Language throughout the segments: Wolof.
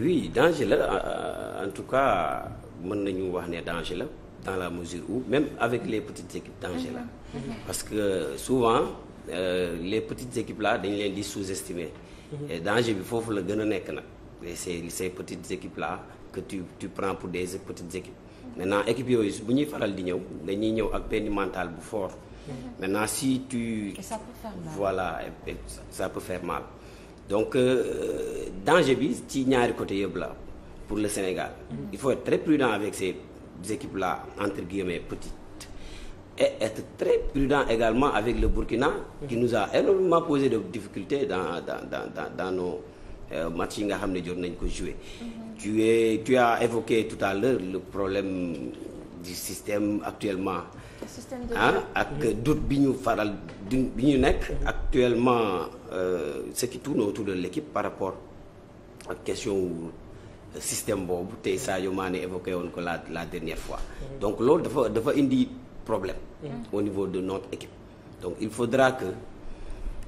oui danger la euh, en tout cas mën nañu wax ne danger la dans la mesure où même avec les petites équipes danger la mhm. parce que souvent euh, les petites équipes là dañ leen di sous-estimer mhm. et danger bi foofu la gën a nekk nag et c'est ces petites équipes là que tu tu prends pour des petites équipes maintenant équipe yooyu bu ñuy faral di ñëw dañuy ñëw ak benn mental bu foor mhm. maintenant si tu et voilà et, et ça, ça mal donc euh, danger bi ci ñaari côté yëpp la pour le Sénégal mm. il faut être très prudent avec ces équipes là entre guillemets petites et être très prudent également avec le Burkina mm. qui nous a énormément posé de difficultés dans dans dans euh, yi nga xam ne jot nañ ko jouer mm-hmm. tu es tu évoqué tout à l'heure le problème du système actuellement ah ak doute bi ñu faral bi ñu nekk mm-hmm. actuellement euh, ce qui tourne autour de l'équipe par rapport ak question wu euh, système boobu te Sadio Mané évoqué woon ko la la dernière fois. donc loolu dafa dafa indi problème. Mm-hmm. au niveau de notre équipe. donc il faudra que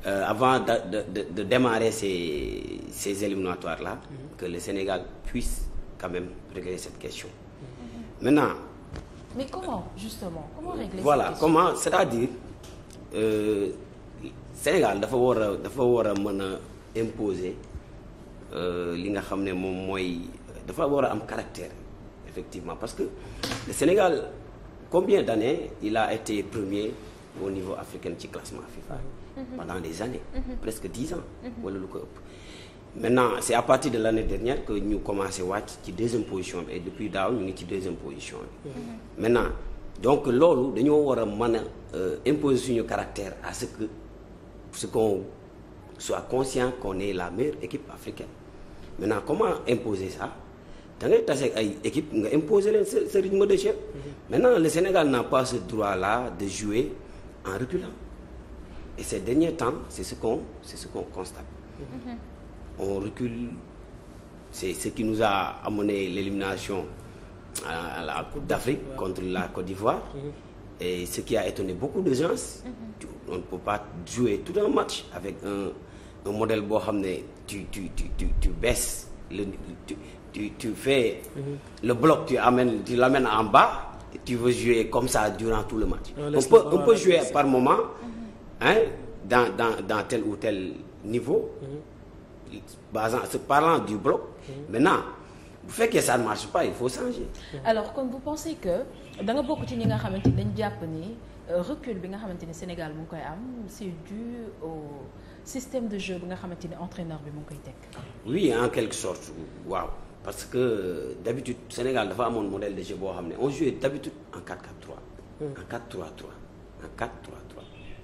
euh, avant de de ces ces éliminatoires mm-hmm. que le Sénégal puisse quand même régler cette question. Mm-hmm. mais comment voilà comment c'est-à-dire euh, Sénégal dafa war dafa war a mën Euh, li nga xam ne moom mooy euh, dafa war a am caractère effectivement parce que le Sénégal combien d'années il a été premier au niveau africain ci classement FIFA mm-hmm. Mm-hmm. pendant des années mm-hmm. presque dix ans wala lu ko ëpp maintenant c'est à partir de l'année dernière que ñu commencé wàcc ci deuxième position bi et depuis daaw ñu ngi ci deuxième position bi maintenant donc loolu dañoo war a mën a euh, imposer suñu caractère à ce que ce qu'on soit conscient qu'on est la meilleure équipe africaine maintenant comment imposer ça da ngay tase ay équipe nga imposer leen de jeu maintenant le Sénégal n'a pas ce droit là de jouer en reculant et ces derniers temps c'est ce qu'on c'est ce qu'on constate mm -hmm. on recule c'est ce qui nous a amené l'élimination à la Coupe d'Afrique contre la Côte d'Ivoire Et ce qui a étonné beaucoup de gens, mm -hmm. on ne peut pas jouer tout un match avec un, un modèle boo xam ne tu tu tu tu tu baisses le tu tu, tu fais mm -hmm. le bloc tu amènes tu l'amènes en bas et tu veux jouer comme ça durant tout le match. on, on peut on peut jouer par moment. Mhm. hein dans dans dans tel ou tel niveau. Mm -hmm. basant se parlant du bloc. Mhm. maintenant bu fekkee ça ne marche pas il faut changer. alors kon vous pensez que da bokk ci ñi nga xamante ni dañ jàpp ni euh, recul bi nga xamante ni Sénégal mu koy am c'est dû au système de jeu bi nga xamante ni entraîneur bi mu ngi koy teg. oui en quelque sorte waaw parce que d'habitude Sénégal dafa amoon modèle de jeu boo xam ne on jouait d'habitude en 4-4-3. Hmm. en 4-3-3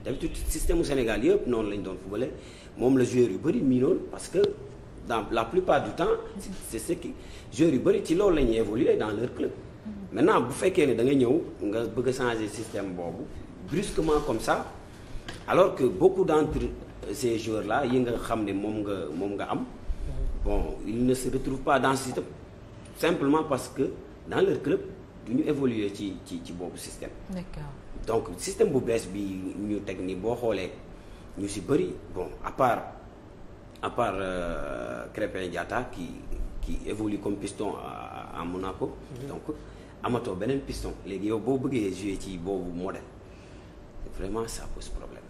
en système mu Sénégal yëpp noonu lañ doon footballé moom la joueur yu bëri miinoon parce dans la plupart du temps c'est ce qui joueurs yu bëri ci loolu la ñuy évoluer dans leur club maintenant bu fekkee ne da nga ñëw nga bëgg a changer système boobu brusquement comme ça alors que beaucoup d'entre ces joueurs là yi nga xam ne moom nga moom nga am bon ils ne se retrouvent pas dans ce système simplement parce que dans leur club du ñu évoluer ci ci ci boobu système d'accord donc système bu bees bi ñu teg ni boo xoolee ñu si bëri bon à part à part euh, Crépin Diatta qui qui évolue comme piston à, à Monaco. Mhm. donc amatoo beneen piston léegi yow boo bëggee jouer ci boobu modèle vraiment ça pose problème.